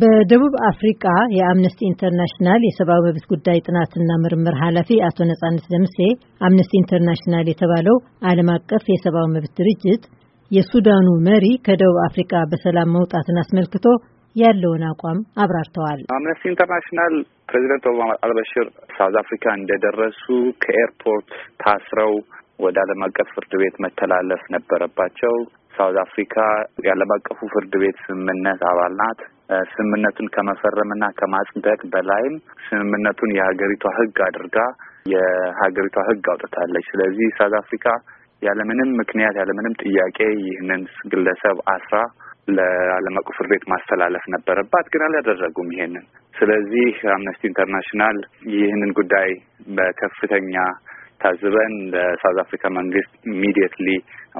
በደቡብ አፍሪቃ የአምነስቲ ኢንተርናሽናል የሰብአዊ መብት ጉዳይ ጥናትና ምርምር ኃላፊ አቶ ነጻነት ደምሴ አምነስቲ ኢንተርናሽናል የተባለው ዓለም አቀፍ የሰብአዊ መብት ድርጅት የሱዳኑ መሪ ከደቡብ አፍሪካ በሰላም መውጣትን አስመልክቶ ያለውን አቋም አብራርተዋል። አምነስቲ ኢንተርናሽናል ፕሬዚደንት ኦባማ አልበሽር ሳውዝ አፍሪካ እንደደረሱ ከኤርፖርት ታስረው ወደ ዓለም አቀፍ ፍርድ ቤት መተላለፍ ነበረባቸው። ሳውዝ አፍሪካ የዓለም አቀፉ ፍርድ ቤት ስምምነት አባል ናት። ስምምነቱን ከመፈረምና ከማጽደቅ በላይም ስምምነቱን የሀገሪቷ ሕግ አድርጋ የሀገሪቷ ሕግ አውጥታለች። ስለዚህ ሳውዝ አፍሪካ ያለምንም ምክንያት ያለምንም ጥያቄ ይህንን ግለሰብ አስራ ለዓለም አቀፉ ፍርድ ቤት ማስተላለፍ ነበረባት፣ ግን አላደረጉም ይሄንን። ስለዚህ አምነስቲ ኢንተርናሽናል ይህንን ጉዳይ በከፍተኛ ታዝበን ለሳውዝ አፍሪካ መንግስት ኢሚዲየትሊ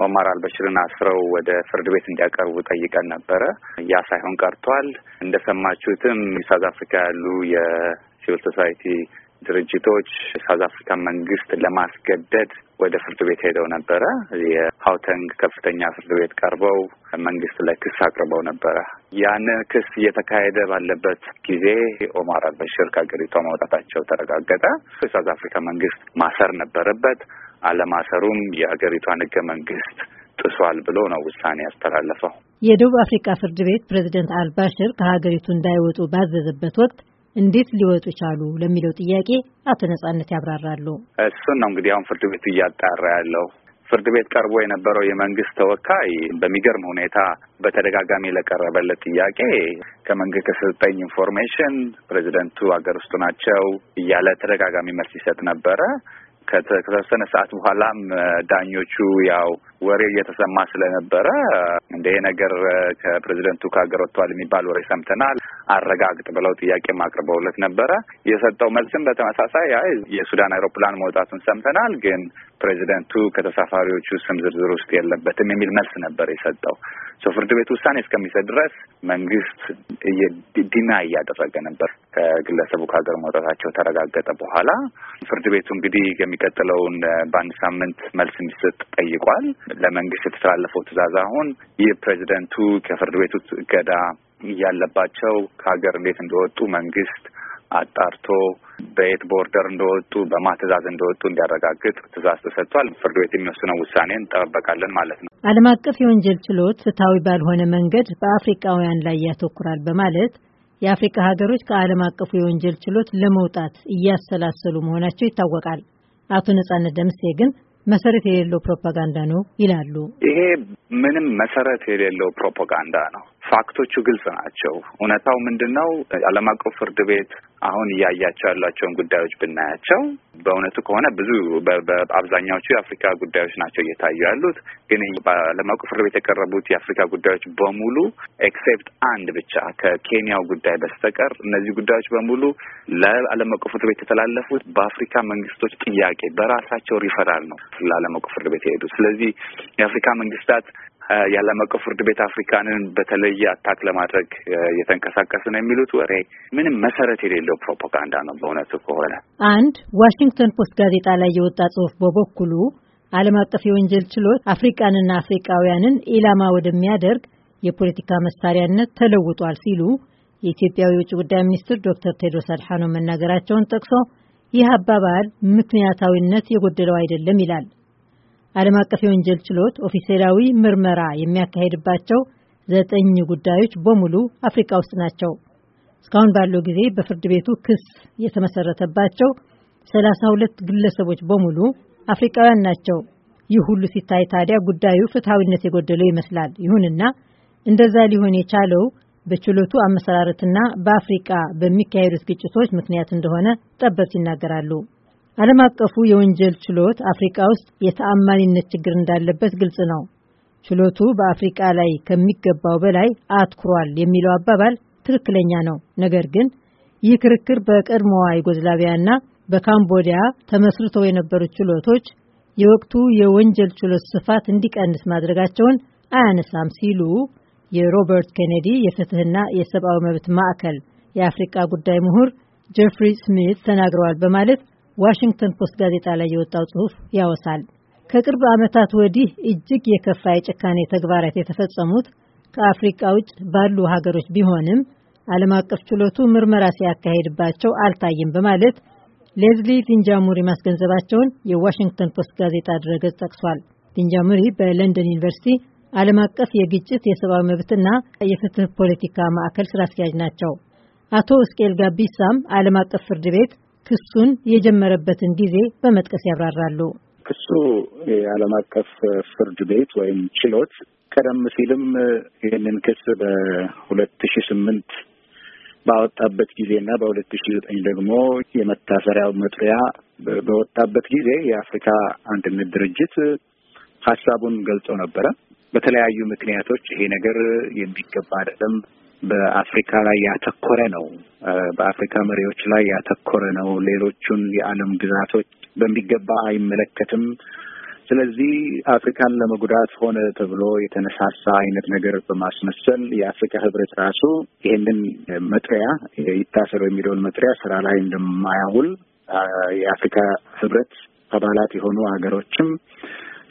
ኦማር አልበሽርን አስረው ወደ ፍርድ ቤት እንዲያቀርቡ ጠይቀን ነበረ። ያ ሳይሆን ቀርቷል። እንደሰማችሁትም ሳውዝ አፍሪካ ያሉ የሲቪል ሶሳይቲ ድርጅቶች ሳውዝ አፍሪካ መንግስት ለማስገደድ ወደ ፍርድ ቤት ሄደው ነበረ። የሀውተንግ ከፍተኛ ፍርድ ቤት ቀርበው መንግስት ላይ ክስ አቅርበው ነበረ። ያንን ክስ እየተካሄደ ባለበት ጊዜ ኦማር አልበሽር ከሀገሪቷ ማውጣታቸው ተረጋገጠ። የሳውዝ አፍሪካ መንግስት ማሰር ነበረበት። አለማሰሩም የሀገሪቷን ህገ መንግስት ጥሷል ብሎ ነው ውሳኔ ያስተላለፈው። የደቡብ አፍሪካ ፍርድ ቤት ፕሬዚደንት አልባሽር ከሀገሪቱ እንዳይወጡ ባዘዘበት ወቅት እንዴት ሊወጡ ቻሉ ለሚለው ጥያቄ አቶ ነጻነት ያብራራሉ። እሱን ነው እንግዲህ አሁን ፍርድ ቤቱ እያጣራ ያለው ፍርድ ቤት ቀርቦ የነበረው የመንግስት ተወካይ በሚገርም ሁኔታ በተደጋጋሚ ለቀረበለት ጥያቄ ከመንግስት ከሰጠኝ ኢንፎርሜሽን ፕሬዚደንቱ ሀገር ውስጥ ናቸው እያለ ተደጋጋሚ መልስ ይሰጥ ነበረ። ከተወሰነ ሰዓት በኋላም ዳኞቹ ያው ወሬ እየተሰማ ስለነበረ እንደ ነገር ከፕሬዚደንቱ ከሀገር ወጥተዋል የሚባል ወሬ ሰምተናል አረጋግጥ ብለው ጥያቄ አቅርበውለት ነበረ። የሰጠው መልስም በተመሳሳይ አይ የሱዳን አይሮፕላን መውጣቱን ሰምተናል፣ ግን ፕሬዚደንቱ ከተሳፋሪዎቹ ስም ዝርዝር ውስጥ የለበትም የሚል መልስ ነበር የሰጠው። ፍርድ ቤት ውሳኔ እስከሚሰጥ ድረስ መንግስት ዲና እያደረገ ነበር። ከግለሰቡ ከሀገር መውጣታቸው ተረጋገጠ በኋላ ፍርድ ቤቱ እንግዲህ የሚቀጥለውን በአንድ ሳምንት መልስ እንዲሰጥ ጠይቋል። ለመንግስት የተተላለፈው ትእዛዝ አሁን ይህ ፕሬዚደንቱ ከፍርድ ቤቱ ገዳ እያለባቸው ከሀገር እንዴት እንደወጡ መንግስት አጣርቶ በየት ቦርደር እንደወጡ በማ ትእዛዝ እንደወጡ እንዲያረጋግጥ ትእዛዝ ተሰጥቷል። ፍርድ ቤት የሚወስነው ውሳኔ እንጠባበቃለን ማለት ነው። ዓለም አቀፍ የወንጀል ችሎት ፍትሐዊ ባልሆነ መንገድ በአፍሪቃውያን ላይ ያተኩራል በማለት የአፍሪካ ሀገሮች ከዓለም አቀፉ የወንጀል ችሎት ለመውጣት እያሰላሰሉ መሆናቸው ይታወቃል። አቶ ነጻነት ደምሴ ግን መሰረት የሌለው ፕሮፓጋንዳ ነው ይላሉ። ይሄ ምንም መሰረት የሌለው ፕሮፓጋንዳ ነው። ፋክቶቹ ግልጽ ናቸው። እውነታው ምንድን ነው? ዓለም አቀፍ ፍርድ ቤት አሁን እያያቸው ያሏቸውን ጉዳዮች ብናያቸው በእውነቱ ከሆነ ብዙ በአብዛኛዎቹ የአፍሪካ ጉዳዮች ናቸው እየታዩ ያሉት። ግን በዓለም አቀፍ ፍርድ ቤት የቀረቡት የአፍሪካ ጉዳዮች በሙሉ ኤክሴፕት አንድ ብቻ ከኬንያው ጉዳይ በስተቀር እነዚህ ጉዳዮች በሙሉ ለዓለም አቀፍ ፍርድ ቤት የተላለፉት በአፍሪካ መንግስቶች ጥያቄ በራሳቸው ሪፈራል ነው ለዓለም አቀፍ ፍርድ ቤት የሄዱት። ስለዚህ የአፍሪካ መንግስታት የዓለም አቀፍ ፍርድ ቤት አፍሪካንን በተለየ አታክ ለማድረግ የተንቀሳቀስ ነው የሚሉት ወሬ ምንም መሰረት የሌለው ፕሮፓጋንዳ ነው። በእውነቱ ከሆነ አንድ ዋሽንግተን ፖስት ጋዜጣ ላይ የወጣ ጽሑፍ በበኩሉ ዓለም አቀፍ የወንጀል ችሎት አፍሪቃንና አፍሪቃውያንን ኢላማ ወደሚያደርግ የፖለቲካ መሳሪያነት ተለውጧል ሲሉ የኢትዮጵያ የውጭ ጉዳይ ሚኒስትር ዶክተር ቴድሮስ አድሓኖም መናገራቸውን ጠቅሶ ይህ አባባል ምክንያታዊነት የጎደለው አይደለም ይላል። ዓለም አቀፍ የወንጀል ችሎት ኦፊሴላዊ ምርመራ የሚያካሄድባቸው ዘጠኝ ጉዳዮች በሙሉ አፍሪካ ውስጥ ናቸው። እስካሁን ባለው ጊዜ በፍርድ ቤቱ ክስ የተመሰረተባቸው 32 ግለሰቦች በሙሉ አፍሪካውያን ናቸው። ይህ ሁሉ ሲታይ ታዲያ ጉዳዩ ፍትሐዊነት የጎደለው ይመስላል። ይሁንና እንደዛ ሊሆን የቻለው በችሎቱ አመሰራረትና በአፍሪቃ በሚካሄዱት ግጭቶች ምክንያት እንደሆነ ጠበብት ይናገራሉ። ዓለም አቀፉ የወንጀል ችሎት አፍሪካ ውስጥ የተአማኒነት ችግር እንዳለበት ግልጽ ነው። ችሎቱ በአፍሪካ ላይ ከሚገባው በላይ አትኩሯል የሚለው አባባል ትክክለኛ ነው። ነገር ግን ይህ ክርክር በቀድሞዋ ዩጎዝላቪያና በካምቦዲያ ተመስርተው የነበሩት ችሎቶች የወቅቱ የወንጀል ችሎት ስፋት እንዲቀንስ ማድረጋቸውን አያነሳም ሲሉ የሮበርት ኬኔዲ የፍትህና የሰብአዊ መብት ማዕከል የአፍሪካ ጉዳይ ምሁር ጀፍሪ ስሚት ተናግረዋል በማለት ዋሽንግተን ፖስት ጋዜጣ ላይ የወጣው ጽሑፍ ያወሳል። ከቅርብ ዓመታት ወዲህ እጅግ የከፋ የጭካኔ ተግባራት የተፈጸሙት ከአፍሪቃ ውጭ ባሉ ሀገሮች ቢሆንም ዓለም አቀፍ ችሎቱ ምርመራ ሲያካሄድባቸው አልታይም በማለት ሌዝሊ ቲንጃሙሪ ማስገንዘባቸውን የዋሽንግተን ፖስት ጋዜጣ ድረገጽ ጠቅሷል። ቲንጃሙሪ በለንደን ዩኒቨርሲቲ ዓለም አቀፍ የግጭት የሰብአዊ መብትና የፍትህ ፖለቲካ ማዕከል ስራ አስኪያጅ ናቸው። አቶ እስቄል ጋቢሳም ዓለም አቀፍ ፍርድ ቤት ክሱን የጀመረበትን ጊዜ በመጥቀስ ያብራራሉ። ክሱ የዓለም አቀፍ ፍርድ ቤት ወይም ችሎት ቀደም ሲልም ይህንን ክስ በሁለት ሺ ስምንት ባወጣበት ጊዜና በሁለት ሺ ዘጠኝ ደግሞ የመታሰሪያው መጥሪያ በወጣበት ጊዜ የአፍሪካ አንድነት ድርጅት ሀሳቡን ገልጾ ነበረ። በተለያዩ ምክንያቶች ይሄ ነገር የሚገባ አይደለም፣ በአፍሪካ ላይ ያተኮረ ነው። በአፍሪካ መሪዎች ላይ ያተኮረ ነው። ሌሎቹን የዓለም ግዛቶች በሚገባ አይመለከትም። ስለዚህ አፍሪካን ለመጉዳት ሆነ ተብሎ የተነሳሳ አይነት ነገር በማስመሰል የአፍሪካ ሕብረት ራሱ ይሄንን መጥሪያ ይታሰሩ የሚለውን መጥሪያ ስራ ላይ እንደማያውል የአፍሪካ ሕብረት አባላት የሆኑ ሀገሮችም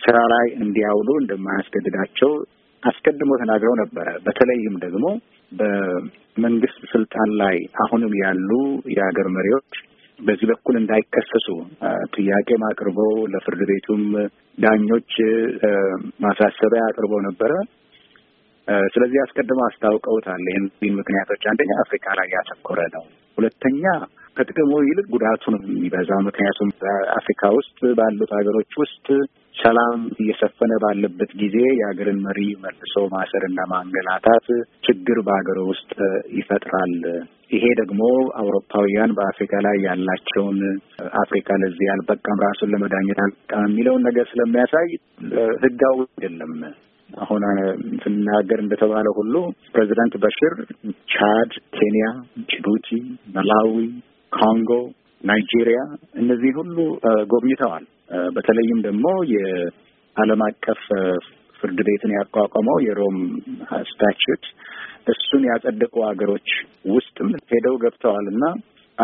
ስራ ላይ እንዲያውሉ እንደማያስገድዳቸው አስቀድሞ ተናግረው ነበረ። በተለይም ደግሞ በመንግስት ስልጣን ላይ አሁንም ያሉ የሀገር መሪዎች በዚህ በኩል እንዳይከሰሱ ጥያቄም አቅርበው ለፍርድ ቤቱም ዳኞች ማሳሰቢያ አቅርበው ነበረ። ስለዚህ አስቀድመው አስታውቀውታል። ይህን ምክንያቶች አንደኛ አፍሪካ ላይ ያተኮረ ነው። ሁለተኛ ከጥቅሙ ይልቅ ጉዳቱ ነው የሚበዛው። ምክንያቱም በአፍሪካ ውስጥ ባሉት ሀገሮች ውስጥ ሰላም እየሰፈነ ባለበት ጊዜ የሀገርን መሪ መልሶ ማሰርና ማንገላታት ችግር በሀገር ውስጥ ይፈጥራል። ይሄ ደግሞ አውሮፓውያን በአፍሪካ ላይ ያላቸውን አፍሪካ ለዚህ ያልበቃም ራሱን ለመዳኘት አልበቃም የሚለውን ነገር ስለሚያሳይ ህጋዊ አይደለም። አሁን ስናገር እንደተባለ ሁሉ ፕሬዚዳንት በሽር ቻድ፣ ኬንያ፣ ጅቡቲ፣ መላዊ ኮንጎ፣ ናይጄሪያ እነዚህ ሁሉ ጎብኝተዋል። በተለይም ደግሞ የዓለም አቀፍ ፍርድ ቤትን ያቋቋመው የሮም ስታችት እሱን ያጸደቁ ሀገሮች ውስጥም ሄደው ገብተዋል እና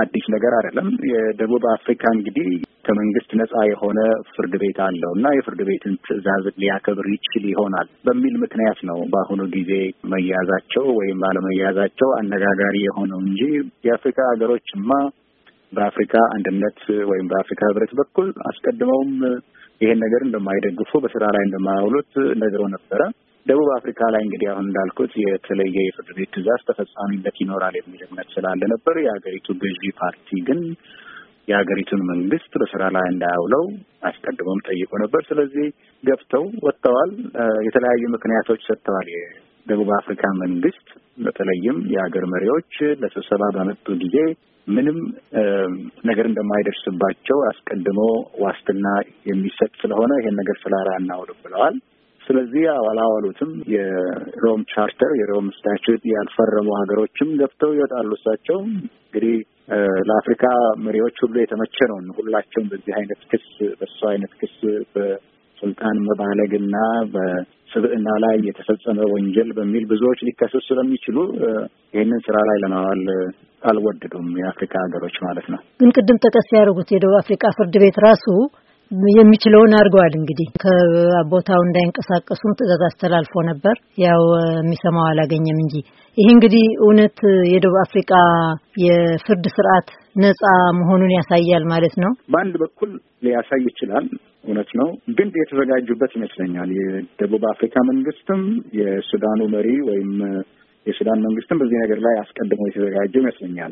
አዲስ ነገር አይደለም። የደቡብ አፍሪካ እንግዲህ ከመንግስት ነጻ የሆነ ፍርድ ቤት አለው እና የፍርድ ቤትን ትዕዛዝ ሊያከብር ይችል ይሆናል በሚል ምክንያት ነው በአሁኑ ጊዜ መያዛቸው ወይም ባለመያዛቸው አነጋጋሪ የሆነው እንጂ የአፍሪካ ሀገሮችማ በአፍሪካ አንድነት ወይም በአፍሪካ ህብረት በኩል አስቀድመውም ይሄን ነገር እንደማይደግፉ በስራ ላይ እንደማያውሉት ነግሮ ነበረ። ደቡብ አፍሪካ ላይ እንግዲህ አሁን እንዳልኩት የተለየ የፍርድ ቤት ትዕዛዝ ተፈጻሚነት ይኖራል የሚል እምነት ስላለ ነበር። የሀገሪቱ ገዢ ፓርቲ ግን የሀገሪቱን መንግስት በስራ ላይ እንዳያውለው አስቀድሞም ጠይቆ ነበር። ስለዚህ ገብተው ወጥተዋል። የተለያዩ ምክንያቶች ሰጥተዋል። የደቡብ አፍሪካ መንግስት በተለይም የሀገር መሪዎች ለስብሰባ በመጡ ጊዜ ምንም ነገር እንደማይደርስባቸው አስቀድሞ ዋስትና የሚሰጥ ስለሆነ ይሄን ነገር ስላራ እናውልም ብለዋል። ስለዚህ አላዋሉትም። የሮም ቻርተር የሮም ስታቹት ያልፈረሙ ሀገሮችም ገብተው ይወጣሉ። እሳቸው እንግዲህ ለአፍሪካ መሪዎች ሁሉ የተመቸ ነው። ሁላቸውም በዚህ አይነት ክስ በሱ አይነት ክስ በስልጣን መባለግና በስብዕና ላይ የተፈጸመ ወንጀል በሚል ብዙዎች ሊከሰሱ ስለሚችሉ ይህንን ስራ ላይ ለማዋል አልወደዱም፣ የአፍሪካ ሀገሮች ማለት ነው። ግን ቅድም ጠቀስ ያደርጉት የደቡብ አፍሪካ ፍርድ ቤት ራሱ የሚችለውን አድርገዋል። እንግዲህ ከቦታው እንዳይንቀሳቀሱም ትዕዛዝ አስተላልፎ ነበር። ያው የሚሰማው አላገኘም እንጂ ይሄ እንግዲህ እውነት የደቡብ አፍሪካ የፍርድ ስርዓት ነጻ መሆኑን ያሳያል ማለት ነው። በአንድ በኩል ሊያሳይ ይችላል፣ እውነት ነው። ግን የተዘጋጁበት ይመስለኛል። የደቡብ አፍሪካ መንግስትም የሱዳኑ መሪ ወይም የሱዳን መንግስትም በዚህ ነገር ላይ አስቀድመው የተዘጋጀ ይመስለኛል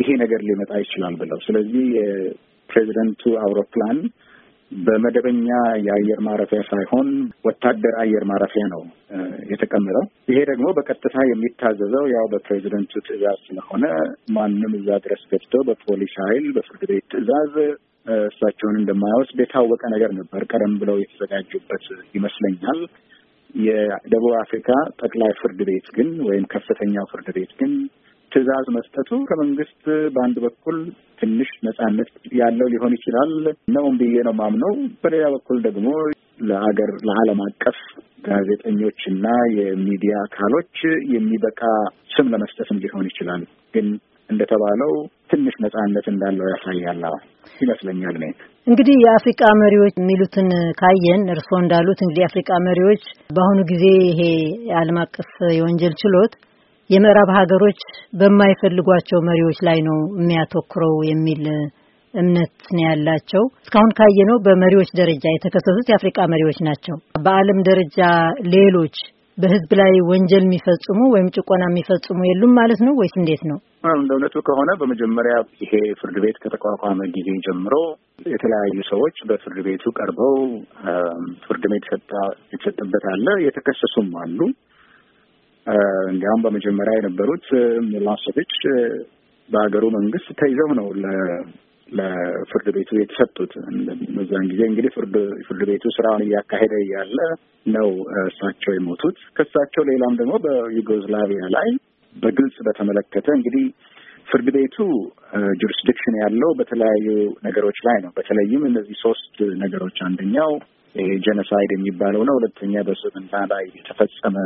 ይሄ ነገር ሊመጣ ይችላል ብለው ስለዚህ የፕሬዚደንቱ አውሮፕላን በመደበኛ የአየር ማረፊያ ሳይሆን ወታደር አየር ማረፊያ ነው የተቀመጠው። ይሄ ደግሞ በቀጥታ የሚታዘዘው ያው በፕሬዚደንቱ ትዕዛዝ ስለሆነ ማንም እዛ ድረስ ገብቶ በፖሊስ ኃይል በፍርድ ቤት ትዕዛዝ እሳቸውን እንደማይወስድ የታወቀ ነገር ነበር። ቀደም ብለው የተዘጋጁበት ይመስለኛል። የደቡብ አፍሪካ ጠቅላይ ፍርድ ቤት ግን ወይም ከፍተኛው ፍርድ ቤት ግን ትዕዛዝ መስጠቱ ከመንግስት በአንድ በኩል ትንሽ ነጻነት ያለው ሊሆን ይችላል ነውም ብዬ ነው ማምነው። በሌላ በኩል ደግሞ ለሀገር ለዓለም አቀፍ ጋዜጠኞች እና የሚዲያ አካሎች የሚበቃ ስም ለመስጠትም ሊሆን ይችላል። ግን እንደተባለው ትንሽ ነጻነት እንዳለው ያሳያል ይመስለኛል። ነ እንግዲህ የአፍሪቃ መሪዎች የሚሉትን ካየን እርስዎ እንዳሉት እንግዲህ የአፍሪቃ መሪዎች በአሁኑ ጊዜ ይሄ የዓለም አቀፍ የወንጀል ችሎት የምዕራብ ሀገሮች በማይፈልጓቸው መሪዎች ላይ ነው የሚያተኩረው የሚል እምነት ነው ያላቸው። እስካሁን ካየነው በመሪዎች ደረጃ የተከሰሱት የአፍሪካ መሪዎች ናቸው። በዓለም ደረጃ ሌሎች በህዝብ ላይ ወንጀል የሚፈጽሙ ወይም ጭቆና የሚፈጽሙ የሉም ማለት ነው ወይስ እንዴት ነው? እንደ እውነቱ ከሆነ በመጀመሪያ ይሄ ፍርድ ቤት ከተቋቋመ ጊዜ ጀምሮ የተለያዩ ሰዎች በፍርድ ቤቱ ቀርበው ፍርድ ቤት የተሰጠበት አለ፣ የተከሰሱም አሉ። እንዲያውም በመጀመሪያ የነበሩት ሚሎሴቪች በሀገሩ መንግስት ተይዘው ነው ለፍርድ ቤቱ የተሰጡት። በዛን ጊዜ እንግዲህ ፍርድ ቤቱ ስራውን እያካሄደ እያለ ነው እሳቸው የሞቱት። ከእሳቸው ሌላም ደግሞ በዩጎዝላቪያ ላይ በግልጽ በተመለከተ እንግዲህ ፍርድ ቤቱ ጁሪስዲክሽን ያለው በተለያዩ ነገሮች ላይ ነው። በተለይም እነዚህ ሶስት ነገሮች አንደኛው ጀኖሳይድ የሚባለው ነው። ሁለተኛ በስብና ላይ የተፈጸመ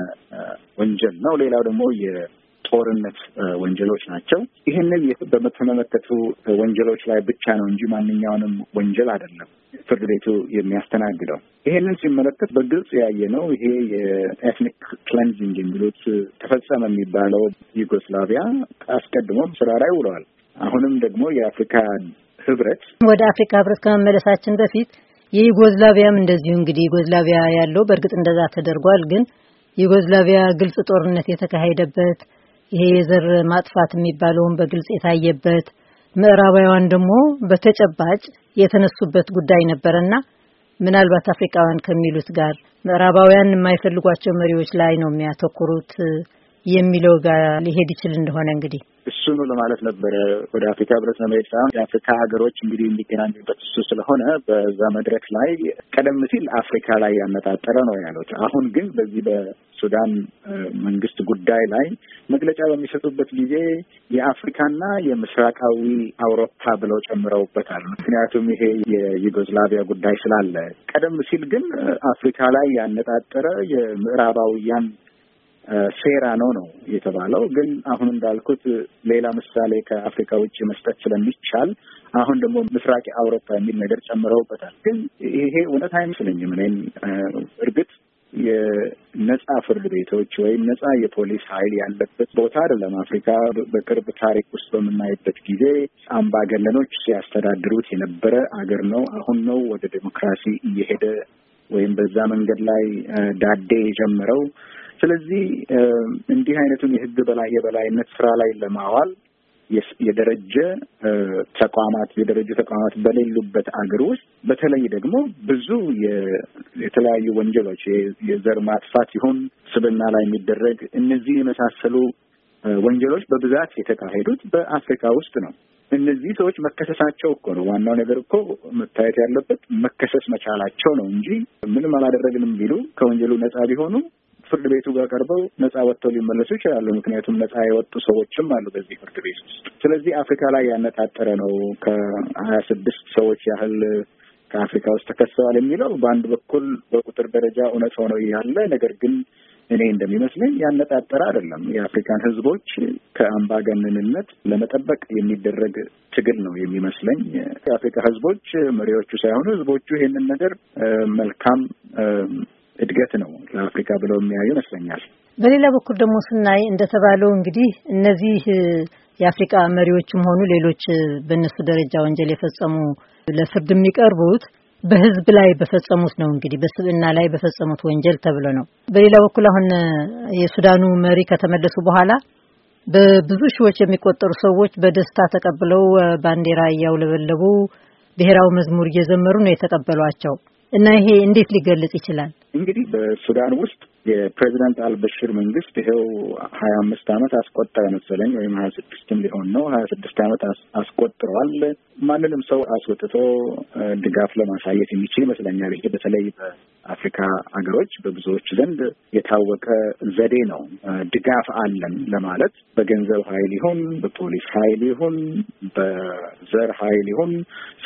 ወንጀል ነው። ሌላው ደግሞ የጦርነት ወንጀሎች ናቸው። ይህንን በተመለከቱ ወንጀሎች ላይ ብቻ ነው እንጂ ማንኛውንም ወንጀል አይደለም ፍርድ ቤቱ የሚያስተናግደው። ይሄንን ሲመለከት በግልጽ ያየ ነው። ይሄ የኤትኒክ ክለንዚንግ የሚሉት ተፈጸመ የሚባለው ዩጎስላቪያ አስቀድሞ ስራ ላይ ውለዋል። አሁንም ደግሞ የአፍሪካ ህብረት ወደ አፍሪካ ህብረት ከመመለሳችን በፊት የዩጎዝላቪያም እንደዚሁ እንግዲህ ዩጎዝላቪያ ያለው በእርግጥ እንደዛ ተደርጓል። ግን ዩጎዝላቪያ ግልጽ ጦርነት የተካሄደበት ይሄ የዘር ማጥፋት የሚባለውን በግልጽ የታየበት ምዕራባውያን ደግሞ በተጨባጭ የተነሱበት ጉዳይ ነበረና ምናልባት አፍሪካውያን ከሚሉት ጋር ምዕራባውያን የማይፈልጓቸው መሪዎች ላይ ነው የሚያተኩሩት የሚለው ጋር ሊሄድ ይችል እንደሆነ እንግዲህ እሱኑ ለማለት ነበረ። ወደ አፍሪካ ህብረት ለመሄድ ሳይሆን የአፍሪካ ሀገሮች እንግዲህ የሚገናኙበት እሱ ስለሆነ በዛ መድረክ ላይ ቀደም ሲል አፍሪካ ላይ ያነጣጠረ ነው ያሉት። አሁን ግን በዚህ በሱዳን መንግስት ጉዳይ ላይ መግለጫ በሚሰጡበት ጊዜ የአፍሪካና የምስራቃዊ አውሮፓ ብለው ጨምረውበታል። ምክንያቱም ይሄ የዩጎዝላቪያ ጉዳይ ስላለ፣ ቀደም ሲል ግን አፍሪካ ላይ ያነጣጠረ የምዕራባውያን ሴራ ነው ነው የተባለው። ግን አሁን እንዳልኩት ሌላ ምሳሌ ከአፍሪካ ውጭ መስጠት ስለሚቻል አሁን ደግሞ ምስራቅ አውሮፓ የሚል ነገር ጨምረውበታል። ግን ይሄ እውነት አይመስለኝም። እኔም እርግጥ የነጻ ፍርድ ቤቶች ወይም ነጻ የፖሊስ ኃይል ያለበት ቦታ አይደለም። አፍሪካ በቅርብ ታሪክ ውስጥ በምናይበት ጊዜ አምባገነኖች ሲያስተዳድሩት የነበረ አገር ነው። አሁን ነው ወደ ዴሞክራሲ እየሄደ ወይም በዛ መንገድ ላይ ዳዴ የጀመረው ስለዚህ እንዲህ አይነቱን የህግ በላይ የበላይነት ስራ ላይ ለማዋል የደረጀ ተቋማት የደረጀ ተቋማት በሌሉበት አገር ውስጥ በተለይ ደግሞ ብዙ የተለያዩ ወንጀሎች የዘር ማጥፋት ይሁን ስብና ላይ የሚደረግ እነዚህ የመሳሰሉ ወንጀሎች በብዛት የተካሄዱት በአፍሪካ ውስጥ ነው። እነዚህ ሰዎች መከሰሳቸው እኮ ነው ዋናው ነገር እኮ መታየት ያለበት መከሰስ መቻላቸው ነው እንጂ ምንም አላደረግንም ቢሉ ከወንጀሉ ነጻ ቢሆኑ ፍርድ ቤቱ ጋር ቀርበው ነፃ ወጥተው ሊመለሱ ይችላሉ። ምክንያቱም ነፃ የወጡ ሰዎችም አሉ በዚህ ፍርድ ቤት ውስጥ። ስለዚህ አፍሪካ ላይ ያነጣጠረ ነው። ከሀያ ስድስት ሰዎች ያህል ከአፍሪካ ውስጥ ተከሰዋል የሚለው በአንድ በኩል በቁጥር ደረጃ እውነት ሆነው ያለ ነገር ግን እኔ እንደሚመስለኝ ያነጣጠረ አይደለም። የአፍሪካን ሕዝቦች ከአምባገነንነት ለመጠበቅ የሚደረግ ትግል ነው የሚመስለኝ። የአፍሪካ ሕዝቦች መሪዎቹ ሳይሆኑ ሕዝቦቹ ይሄንን ነገር መልካም እድገት ነው ለአፍሪካ ብለው የሚያዩ ይመስለኛል። በሌላ በኩል ደግሞ ስናይ እንደተባለው እንግዲህ እነዚህ የአፍሪካ መሪዎችም ሆኑ ሌሎች በእነሱ ደረጃ ወንጀል የፈጸሙ ለፍርድ የሚቀርቡት በህዝብ ላይ በፈጸሙት ነው እንግዲህ በስብዕና ላይ በፈጸሙት ወንጀል ተብሎ ነው። በሌላ በኩል አሁን የሱዳኑ መሪ ከተመለሱ በኋላ በብዙ ሺዎች የሚቆጠሩ ሰዎች በደስታ ተቀብለው ባንዲራ እያውለበለቡ ብሔራዊ መዝሙር እየዘመሩ ነው የተቀበሏቸው እና ይሄ እንዴት ሊገለጽ ይችላል? እንግዲህ በሱዳን ውስጥ የፕሬዚዳንት አልበሽር መንግስት ይኸው ሀያ አምስት አመት አስቆጠረ መሰለኝ ወይም ሀያ ስድስትም ሊሆን ነው። ሀያ ስድስት አመት አስቆጥረዋል። ማንንም ሰው አስወጥቶ ድጋፍ ለማሳየት የሚችል ይመስለኛል። ይሄ በተለይ በአፍሪካ ሀገሮች በብዙዎች ዘንድ የታወቀ ዘዴ ነው። ድጋፍ አለን ለማለት በገንዘብ ኃይል ይሁን በፖሊስ ኃይል ይሁን በዘር ኃይል ይሁን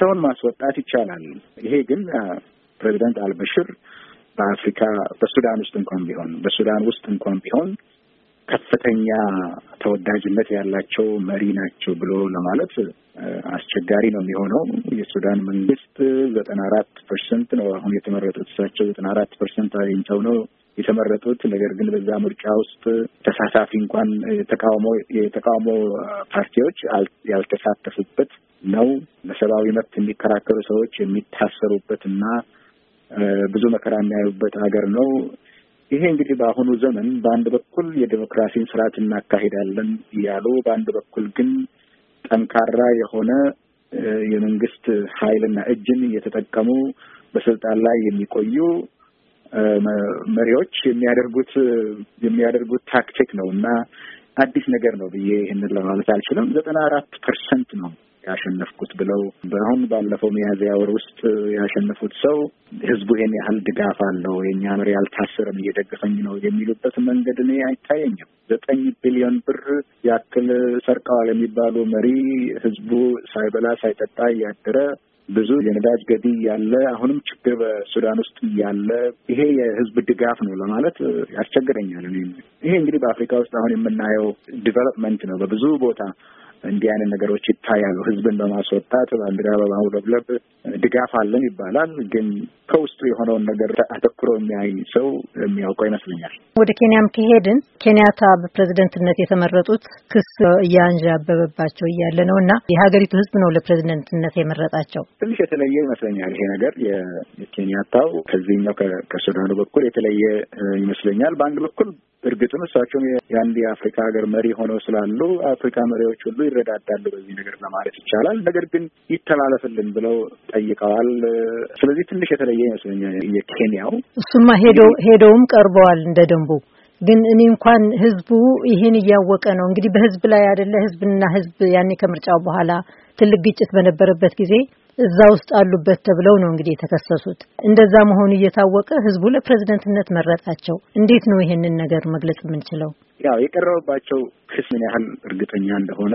ሰውን ማስወጣት ይቻላል። ይሄ ግን ፕሬዚዳንት አልበሽር በአፍሪካ በሱዳን ውስጥ እንኳን ቢሆን በሱዳን ውስጥ እንኳን ቢሆን ከፍተኛ ተወዳጅነት ያላቸው መሪ ናቸው ብሎ ለማለት አስቸጋሪ ነው የሚሆነው። የሱዳን መንግስት ዘጠና አራት ፐርሰንት ነው አሁን የተመረጡት እሳቸው ዘጠና አራት ፐርሰንት አግኝተው ነው የተመረጡት። ነገር ግን በዛ ምርጫ ውስጥ ተሳታፊ እንኳን የተቃውሞ የተቃውሞ ፓርቲዎች ያልተሳተፉበት ነው። ለሰብአዊ መብት የሚከራከሩ ሰዎች የሚታሰሩበት እና ብዙ መከራ የሚያዩበት ሀገር ነው። ይሄ እንግዲህ በአሁኑ ዘመን በአንድ በኩል የዴሞክራሲን ስርዓት እናካሂዳለን እያሉ፣ በአንድ በኩል ግን ጠንካራ የሆነ የመንግስት ኃይልና እጅን እየተጠቀሙ በስልጣን ላይ የሚቆዩ መሪዎች የሚያደርጉት የሚያደርጉት ታክቲክ ነው እና አዲስ ነገር ነው ብዬ ይህንን ለማለት አልችልም። ዘጠና አራት ፐርሰንት ነው ያሸነፍኩት ብለው በአሁን ባለፈው ሚያዝያ ወር ውስጥ ያሸነፉት ሰው ህዝቡ ይህን ያህል ድጋፍ አለው፣ የእኛ መሪ አልታሰረም፣ እየደገፈኝ ነው የሚሉበት መንገድ እኔ አይታየኝም። ዘጠኝ ቢሊዮን ብር ያክል ሰርቀዋል የሚባሉ መሪ ህዝቡ ሳይበላ ሳይጠጣ እያደረ ብዙ የነዳጅ ገቢ ያለ አሁንም ችግር በሱዳን ውስጥ ያለ ይሄ የህዝብ ድጋፍ ነው ለማለት ያስቸግረኛል። ይሄ እንግዲህ በአፍሪካ ውስጥ አሁን የምናየው ዲቨሎፕመንት ነው በብዙ ቦታ እንዲህ አይነት ነገሮች ይታያሉ። ህዝብን በማስወጣት ባንዲራ በማውለብለብ ድጋፍ አለን ይባላል። ግን ከውስጡ የሆነውን ነገር አተኩሮ የሚያይ ሰው የሚያውቀው ይመስለኛል። ወደ ኬንያም ከሄድን ኬንያታ በፕሬዝደንትነት የተመረጡት ክስ እያንዣበበባቸው እያለ ነው እና የሀገሪቱ ህዝብ ነው ለፕሬዝደንትነት የመረጣቸው። ትንሽ የተለየ ይመስለኛል ይሄ ነገር የኬንያታው ከዚህኛው ከሱዳኑ በኩል የተለየ ይመስለኛል። በአንድ በኩል እርግጥም እሳቸውም የአንድ የአፍሪካ ሀገር መሪ ሆነው ስላሉ አፍሪካ መሪዎች ሁሉ ይረዳዳሉ በዚህ ነገር ለማለት ይቻላል። ነገር ግን ይተላለፍልን ብለው ጠይቀዋል። ስለዚህ ትንሽ የተለየ ይመስለኛል የኬንያው። እሱማ ሄደውም ቀርበዋል እንደ ደንቡ ግን እኔ እንኳን ህዝቡ ይሄን እያወቀ ነው እንግዲህ በህዝብ ላይ አይደለ ህዝብና ህዝብ ያኔ ከምርጫው በኋላ ትልቅ ግጭት በነበረበት ጊዜ እዛ ውስጥ አሉበት ተብለው ነው እንግዲህ የተከሰሱት። እንደዛ መሆኑ እየታወቀ ህዝቡ ለፕሬዝደንትነት መረጣቸው። እንዴት ነው ይሄንን ነገር መግለጽ የምንችለው? ያው የቀረበባቸው ክስ ምን ያህል እርግጠኛ እንደሆነ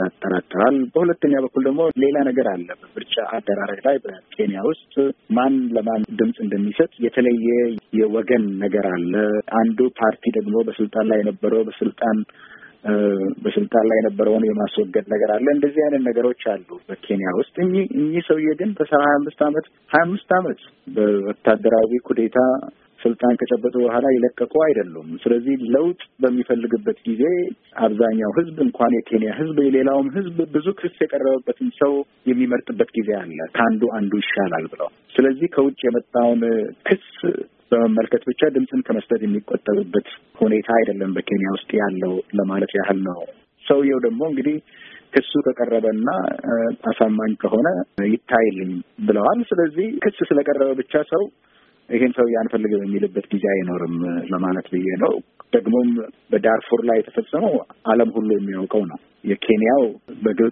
ያጠራጥራል። በሁለተኛ በኩል ደግሞ ሌላ ነገር አለ። በምርጫ አደራረግ ላይ በኬንያ ውስጥ ማን ለማን ድምፅ እንደሚሰጥ የተለየ የወገን ነገር አለ። አንዱ ፓርቲ ደግሞ በስልጣን ላይ የነበረው በስልጣን በስልጣን ላይ የነበረውን የማስወገድ ነገር አለ። እንደዚህ አይነት ነገሮች አሉ በኬንያ ውስጥ። እኚህ እኚህ ሰውዬ ግን በሰባ ሀያ አምስት አመት ሀያ አምስት አመት በወታደራዊ ኩዴታ ስልጣን ከጨበጡ በኋላ የለቀቁ አይደሉም። ስለዚህ ለውጥ በሚፈልግበት ጊዜ አብዛኛው ህዝብ እንኳን የኬንያ ህዝብ የሌላውም ህዝብ ብዙ ክስ የቀረበበትን ሰው የሚመርጥበት ጊዜ አለ ከአንዱ አንዱ ይሻላል ብለው። ስለዚህ ከውጭ የመጣውን ክስ በመመልከት ብቻ ድምፅን ከመስጠት የሚቆጠብበት ሁኔታ አይደለም በኬንያ ውስጥ ያለው ለማለት ያህል ነው። ሰውየው ደግሞ እንግዲህ ክሱ ከቀረበና አሳማኝ ከሆነ ይታይልኝ ብለዋል። ስለዚህ ክስ ስለቀረበ ብቻ ሰው ይህን ሰው አንፈልግም የሚልበት ጊዜ አይኖርም ለማለት ብዬ ነው። ደግሞም በዳርፉር ላይ የተፈጸመው ዓለም ሁሉ የሚያውቀው ነው። የኬንያው በግልጽ